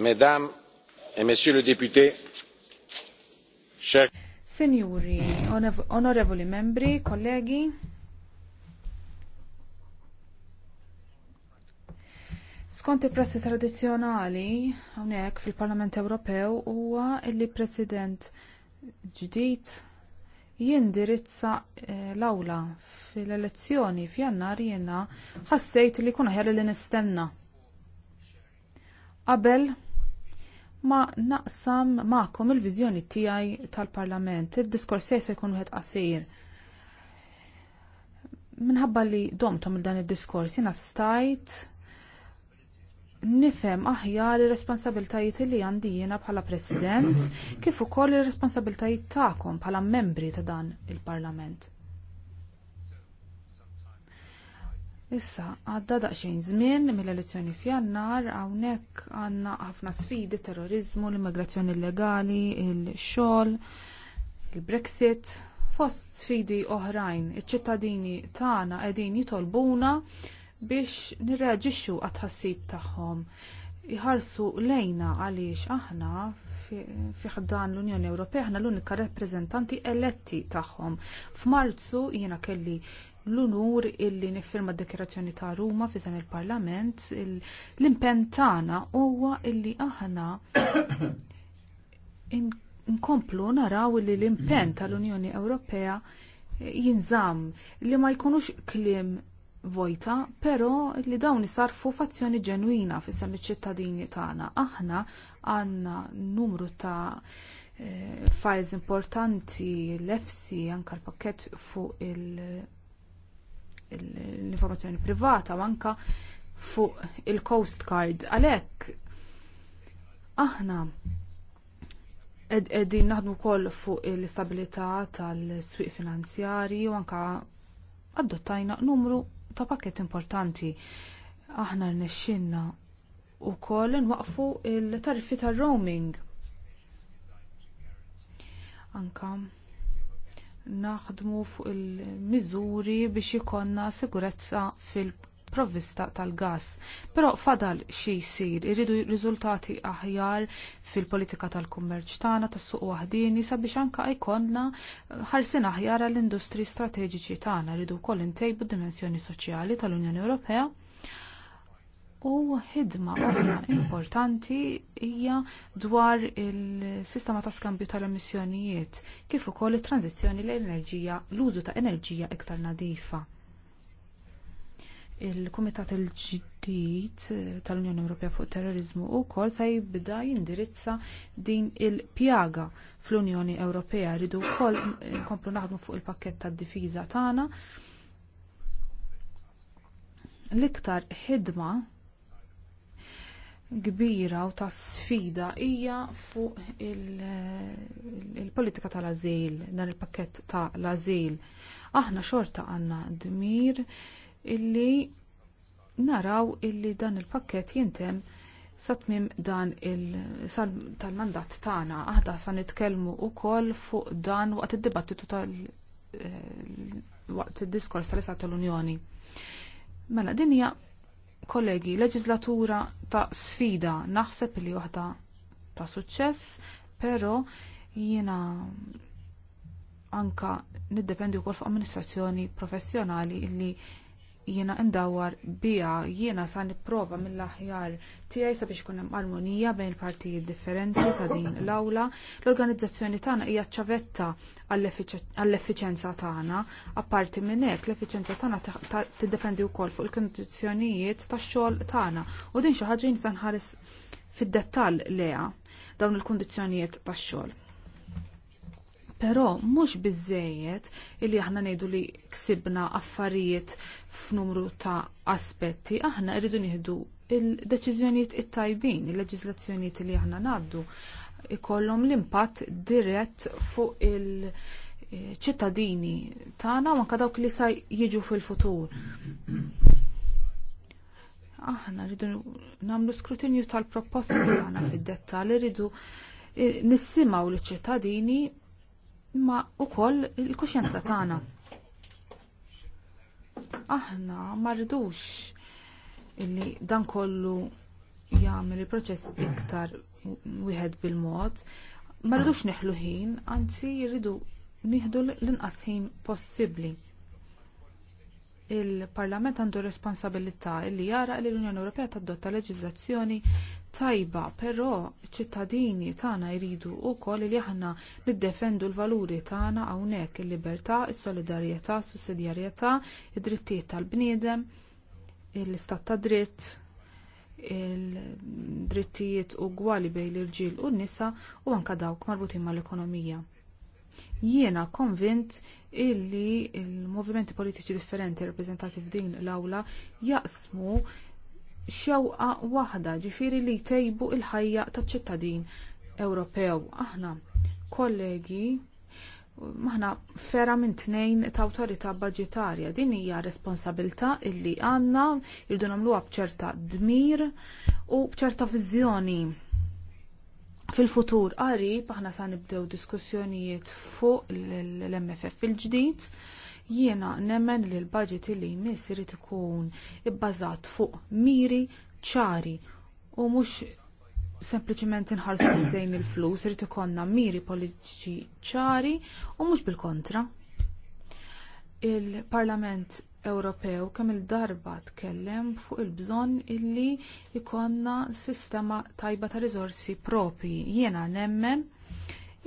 mesdames et messieurs les députés chers Signori, onorevoli membri, kollegi, Skont il-prassi tradizzjonali hawnhekk fil-Parlament Ewropew huwa li President ġdid jindirizza eh, l-awla fil-elezzjoni f'Jannar jiena ħassejt li jkun aħjar li nistenna. Qabel ma naqsam ma'kom il-viżjoni tiegħi tal-Parlament. Id-diskors se jkun wieħed qasir. Minħabba li domtom il-dan id-diskors jina stajt nifhem aħjar ir-responsabiltajiet li għandi jiena bħala President kif ukoll ir-responsabiltajiet tagħkom bħala membri ta' dan il-Parlament. Issa, għadda daqsxejn żmien mill-elezzjoni f'Jannar hawnhekk għandna ħafna sfidi terrorizmu, l-immigrazzjoni illegali, il-xogħol, il-Brexit, fost sfidi oħrajn. Iċ-ċittadini tagħna qegħdin jitolbuna biex nirreaġixxu għat-ħassib tagħhom. Iħarsu lejna għaliex aħna fi ħdan l-Unjoni Ewropea aħna l-unika rappreżentanti eletti tagħhom. F'Marzu jiena kelli l-unur illi niffirma d-dekirazzjoni ta' Ruma fi il-Parlament, l-impenn tagħna huwa illi aħna nkomplu naraw li l-impenn tal-Unjoni Ewropea jinżamm li ma jkunux klim vojta, però li dawn isarfu fazzjoni ġenwina fis iċ ċittadini tagħna. Aħna għandna numru ta' e, files importanti, l-EFSI, anke l-pakket fuq il- l-informazzjoni privata u anka fuq il-Coast Guard. Għalhekk aħna qegħdin naħdmu wkoll fuq l-istabilità tal-swieq finanzjarji u anke għaddottajna numru ta' pakket importanti. Aħna rnexxinna wkoll waqfu l tariffi tal roaming Anka naħdmu fuq il-miżuri biex ikonna sigurezza fil-provvista tal-gas. Però fadal xi jsir, iridu riżultati aħjar fil-politika tal-kummerċ tagħna tas-suq waħdini sabiex anke jkollna ħarsien aħjar għall-industri strateġiċi tagħna iridu wkoll intejbu d-dimensjoni soċjali tal-Unjoni Ewropea U ħidma oħra importanti hija dwar il-sistema ta' skambju tal-emissjonijiet kif ukoll it-tranzizzjoni l enerġija l-użu ta' enerġija iktar nadifa. Il-Kumitat il-ġdid tal-Unjoni Ewropea fuq Terrorizmu wkoll se jibda jindirizza din il-pjaga fl-Unjoni Ewropea rridu wkoll nkomplu naħdmu fuq il-pakkett tad-difiża tagħna. L-iktar ħidma kbira u ta' sfida hija fuq il-politika il tal-azil, dan il-pakket ta' l-azil. Aħna xorta għandna dmir illi naraw illi dan il-pakket jintem sa tmiem dan tal-mandat tagħna. Aħna sa nitkellmu wkoll fuq dan waqt id-dibattitu tal eh, waqt id-diskors tal isat tal-Unjoni. Mela din hija Kollegi, leġislatura ta' sfida naħseb li waħda ta' suċċess, però jiena anka niddependi wkoll fuq amministrazzjoni professjonali li jiena ndawwar biha jiena sa nipprova mill-aħjar tiegħi sabiex ikun hemm armonija bejn partijiet differenti ta' din l-awla. L-organizzazzjoni tagħna hija ċavetta għall-effiċenza tagħna, apparti minn hekk l-effiċenza tagħna tiddependi wkoll fuq il-kondizzjonijiet tax-xogħol tagħna u din xi ħaġa nħares fid-dettall leha dawn il-kundizzjonijiet tax-xogħol. Però mhux biżejjed illi aħna ngħidu li ksibna affarijiet f'numru ta' aspetti, aħna rridu nieħdu il-deċiżjonijiet it-tajbin, il leġislazzjonijiet li aħna ngħaddu ikollhom l-impatt dirett fuq il-ċittadini tagħna u anke dawk li sa jiġu fil-futur. Aħna rridu nagħmlu skrutinju tal-proposti tagħna fid-dettall, rridu eh, nissimgħu liċ ċittadini ma koll il-kuxjenza tagħna. Aħna ma rridux illi dan kollu jagħmel il-proċess iktar wieħed bil-mod, ma rridux neħlu ħin, anzi jridu nieħdu l-inqas ħin possibbli. Il-Parlament għandu responsabilità li jara li l-Unjoni Ewropea tadotta leġiżlazzjoni tajba, però ċittadini tagħna jridu wkoll li aħna niddefendu l-valuri tagħna hawnhekk il-libertà, is-solidarjetà, sussidjarjetà, id-drittijiet tal-bniedem, l-istat ta' dritt, il-drittijiet ugwali bejn l-irġiel u n-nisa u anke dawk marbutin mal-ekonomija. Jiena konvint illi l il movimenti politiċi differenti rappreżentati f'din l-awla jaqsmu xewqa waħda ġifieri li jtejbu l ħajja taċ ċittadin Ewropew. Aħna kollegi maħna fera minn tnejn ta' awtorità budġetarja. Din hija responsabilità illi għandna irdu nagħmluha b'ċerta dmir u b'ċerta viżjoni. Fil-futur qarib aħna sa nibdew diskussjonijiet fuq l-MFF il-ġdid Jiena nemmen li l-budget li jmiss irid ikun ibbażat fuq miri ċari u mhux sempliċement inħarsu bislejn il-flus irid ikollna miri politiċi ċari u mhux bil-kontra. Il-Parlament Ewropew kemm il-darba tkellem fuq il-bżonn illi jkollna sistema tajba ta' riżorsi proprji Jiena nemmen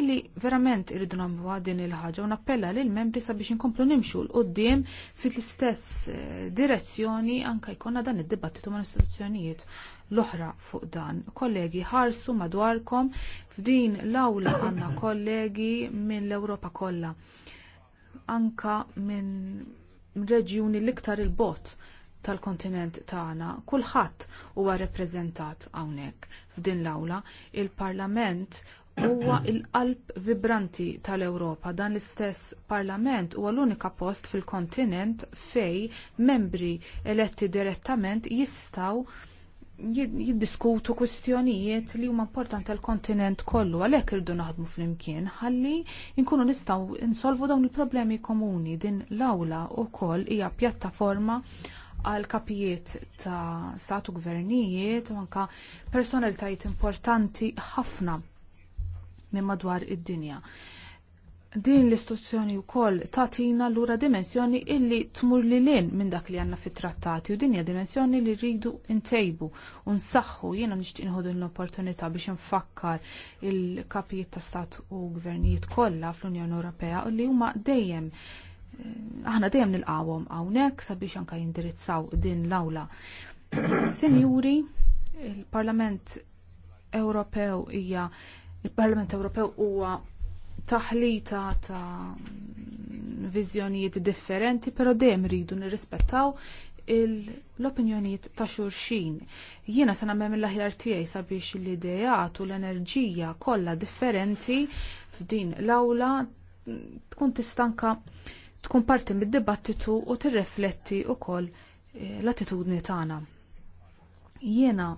illi verament irridu nagħmluha din il-ħaġa u nappella lil membri sabiex inkomplu nimxu l qoddim fil-istess eh, direzzjoni anke jkollna dan id-dibattitu mal istituzzjonijiet l-oħra fuq dan. Kollegi ħarsu madwarkom f'din l-awla għandna kollegi minn l-Ewropa kollha anka minn reġjuni l-iktar il-bot tal-kontinent tagħna kulħadd huwa rappreżentat hawnhekk f'din l-awla il-Parlament huwa l-qalb vibranti tal-Ewropa. Dan l-istess Parlament huwa l-unika post fil-kontinent fejn membri eletti direttament jistgħu jiddiskutu kwistjonijiet li huma importanti għall kontinent kollu għalhekk irdu naħdmu flimkien ħalli nkunu nistgħu insolvu dawn il-problemi komuni din l-awla wkoll hija pjattaforma għal kapijiet ta' statu gvernijiet u anke personalitajiet importanti ħafna minn madwar id-dinja. Din l-istituzzjoni wkoll l lura dimensjoni illi tmur li l-in minn dak li għandna fit-trattati u dinja dimensjoni li rridu ntejbu u nsaħħu jiena nixtieq inħodu l-opportunità biex nfakkar il-kapijiet ta' stat u gvernijiet kollha fl-Unjoni Ewropea u li huma dejjem eh, aħna dejjem nilqawhom hawnhekk sabiex anke jindirizzaw din l-awla. Sinjuri, il-Parlament Ewropew hija Il-Parlament Ewropew huwa taħlita ta' viżjonijiet differenti, però dejjem ridu nirrispettaw l-opinjonijiet ta' xulxin. Jiena se nagħmel mill-aħjar tiegħi sabiex l-ideat u l-enerġija kollha differenti f'din l-awla tkun tistanka tkun parti mid-dibattitu u tirrefletti wkoll eh, l-attitudni tagħna. Jiena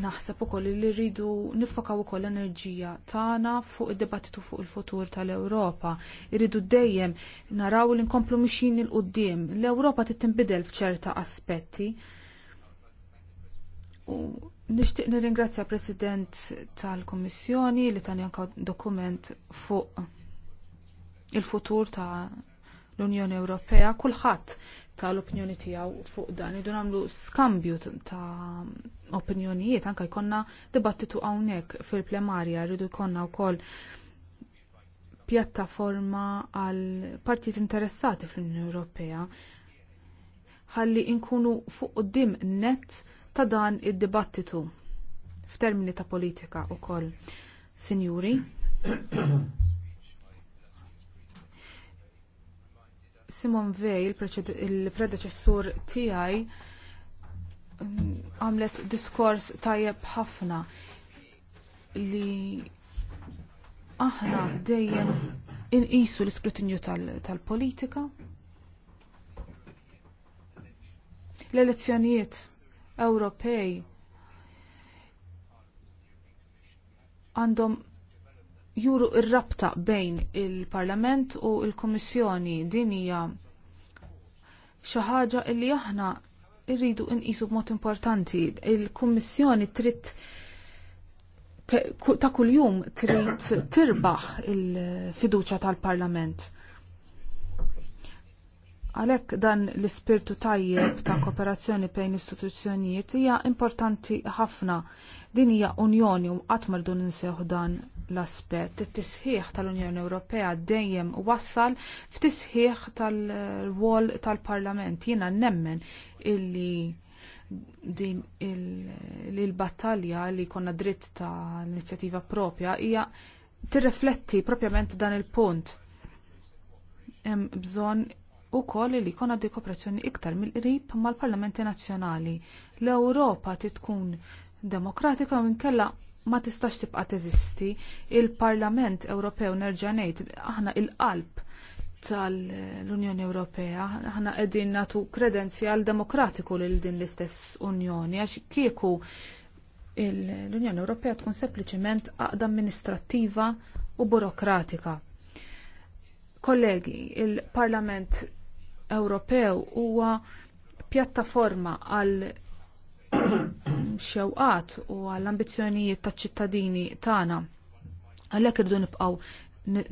Naħseb ukoll li rridu niffokaw ukoll enerġija tagħna fuq id-dibattitu fuq il-futur tal-Ewropa. Irridu dejjem naraw li nkomplu mixin il qudiem L-Ewropa trid tinbidel f'ċerta aspetti. U nixtieq nirringrazzja President tal-Kummissjoni li tani anka dokument fuq il-futur ta' l-Unjoni Ewropea, kulħadd tal-opinjoni tiegħu fuq dan. Idu nagħmlu skambju ta' opinjonijiet anke jkollna dibattitu hawnhekk fil-plemarja rridu jkollna wkoll pjattaforma għal partijiet interessati fl-Unjoni Ewropea ħalli nkunu fuq quddiem net ta' dan id-dibattitu f'termini ta' politika wkoll. Sinjuri, Simon Vej, il-predeċessur tiegħi, mm, għamlet diskors tajjeb ħafna li aħna dejjem inqisu l-iskrutinju tal-politika. Tal L-elezzjonijiet Ewropej għandhom juru r-rabta bejn il-Parlament u l il kummissjoni din hija xi ħaġa li aħna rridu nqisu b'mod importanti. Il-Kummissjoni trid ta' kuljum trid tirbaħ il-fiduċja tal-Parlament. Għalhekk dan l-ispirtu tajjeb ta' kooperazzjoni bejn istituzzjonijiet hija importanti ħafna. Din hija unjoni u qatt mardu ninseħu dan l-aspett. It-tisħiħ tal-Unjoni Ewropea dejjem wassal f'tisħiħ tal-wol tal-Parlament. Jiena nemmen illi din il-battalja li konna dritt ta' inizjattiva propja hija tirrifletti propjament dan il-punt. Hemm bżonn ukoll li jkollna għaddi kooperazzjoni iktar mill-qrib mal-Parlamenti Nazzjonali. L-Ewropa tkun demokratika u nkella ma tistax tibqa' teżisti. Il-Parlament Ewropew nerġa' ngħid aħna il-qalb tal-Unjoni Ewropea, aħna qegħdin nagħtu kredenzjal demokratiku lil din l-istess Unjoni għax kieku l-Unjoni Ewropea tkun sempliċement għaqda amministrattiva u burokratika. Kollegi, il-Parlament Ewropew huwa pjattaforma għal xewqat u għall-ambizzjonijiet taċ-ċittadini tagħna. Għalhekk irdu nibqgħu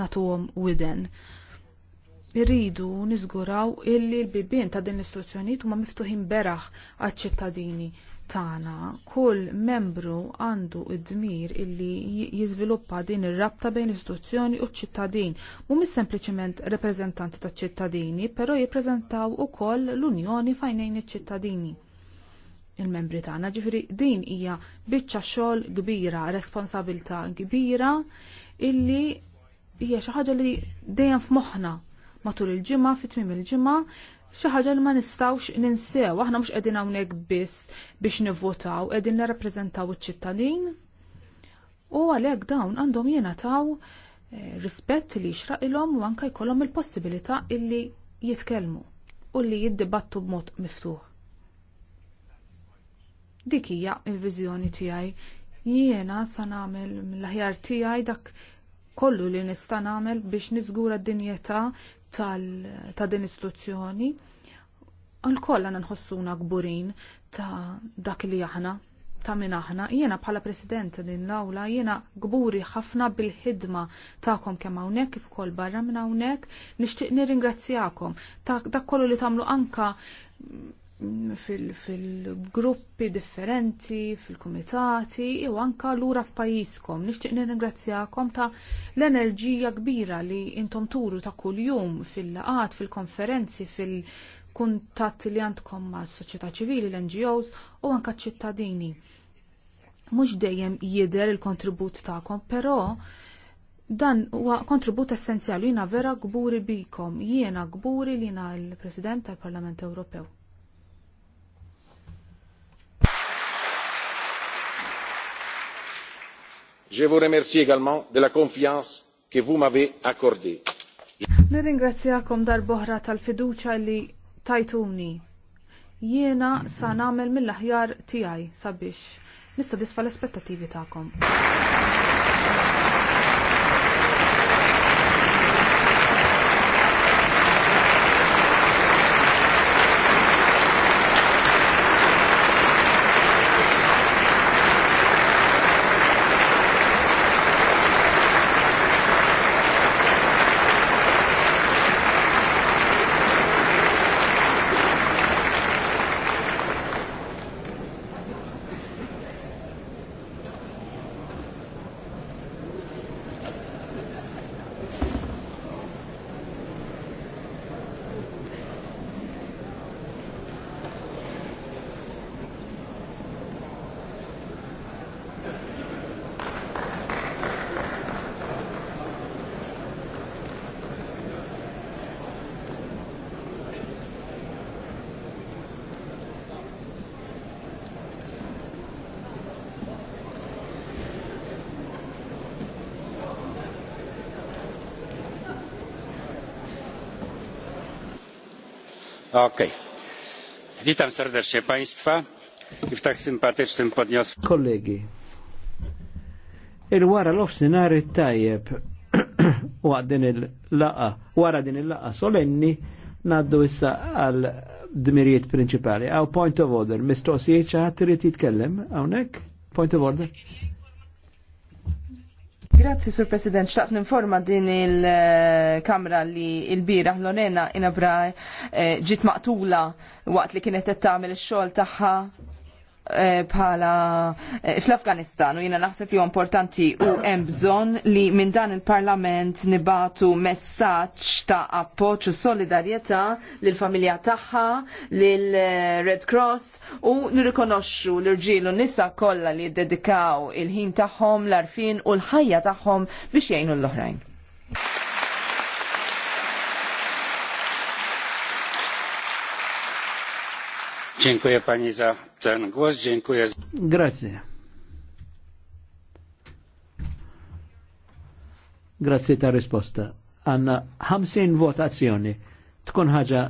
nagħtuhom widen. Irridu niżguraw illi l-bibien ta' din l-istruzzjonijiet huma miftuħin beraħ għaċ-ċittadini tagħna. Kull membru għandu id-dmir illi jiżviluppa din ir-rabta bejn l istruzzjoni u ċ-ċittadin. Mhumiex sempliċement reprezentanti taċ-ċittadini, però jippreżentaw ukoll l-Unjoni fajnejn iċ-ċittadini il-membri tagħna. Ġifieri din hija biċċa xogħol kbira, responsabilità kbira illi hija xi ħaġa li dejjem f'moħħna matul il-ġimgħa, fit-tmiem il-ġimgħa, xi ħaġa li ma nistgħux ninsew. Aħna mhux qegħdin hawnhekk biss biex nivvotaw, qegħdin nirrappreżentaw iċ-ċittadin. U għalhekk dawn għandhom jingħataw eh, rispett li xraqilhom u anke jkollhom il-possibilità illi jitkellmu u li jiddibattu b'mod miftuħ. Dik hija l-viżjoni tiegħi. Jiena sa nagħmel mill-aħjar tiegħi dak kollu li nista' nagħmel biex niżgura d-dinjetà ta' din istituzzjoni. Alkoll għandna nħossuna kburin ta' dak li aħna ta' min aħna, jiena bħala President din l-awla, jiena gburi ħafna bil-ħidma ta'kom kemm hawnhekk kif ukoll barra minn hawnhekk, nixtieq nirringrazzjakom ta' dak kollu li tagħmlu anka fil-gruppi differenti, fil-komitati, u anka lura f'pajjiżkom. Nixtieq nirringrazzjakom ta' l-enerġija kbira li intom turu ta' kuljum fil-laqat, fil-konferenzi, fil kuntatti li għandkom ma' soċjetà ċivili, l-NGOs u anka ċittadini. Mhux dejjem jidher il-kontribut tagħkom, però dan huwa kontribut essenzjali jiena vera gburi bikom, jiena gburi li jiena l-President tal-Parlament Ewropew. je vous remercie également de la confiance que vous m'avez accordée. Nirringrazzjakom darb'oħra tal-fiduċja li tajtuni. Jiena sa nagħmel mill-aħjar tiegħi sabiex nista' nissodisfa l-aspettattivi tagħkom. Okej. Okay. Witam serdecznie Państwa i w tak sympatycznym podniosku. Kolegi, il-wara l-ofsinar tajjeb u għaddin il-laqa, wara din il-laqa solenni naddu issa għal dmirijiet principali Għaw point of order, mistoqsijiet ċaħat trid jitkellem, għawnek? Point of order? Grazzi, Sur President. Xtaqt ninforma din il-kamra li il l-onena inabra eh, ġit maqtula waqt li kienet tagħmel ix-xogħol tagħha Eh, bħala eh, fl-Afganistan u jiena naħseb li huwa importanti u hemm bżonn li minn dan il-Parlament nibatu messaġġ ta' appoġġ u solidarjetà l familja tagħha, l Red Cross u nirrikonoxxu l-irġiel u nisa kollha li dedikaw il-ħin tagħhom, l-arfin u l-ħajja tagħhom biex jgħinu l-oħrajn. Dziękuję pani za ten głos, dziękuję. Grazie. Grazie ta' risposta. Għanna 50 votazzjoni. Tkun ħaġa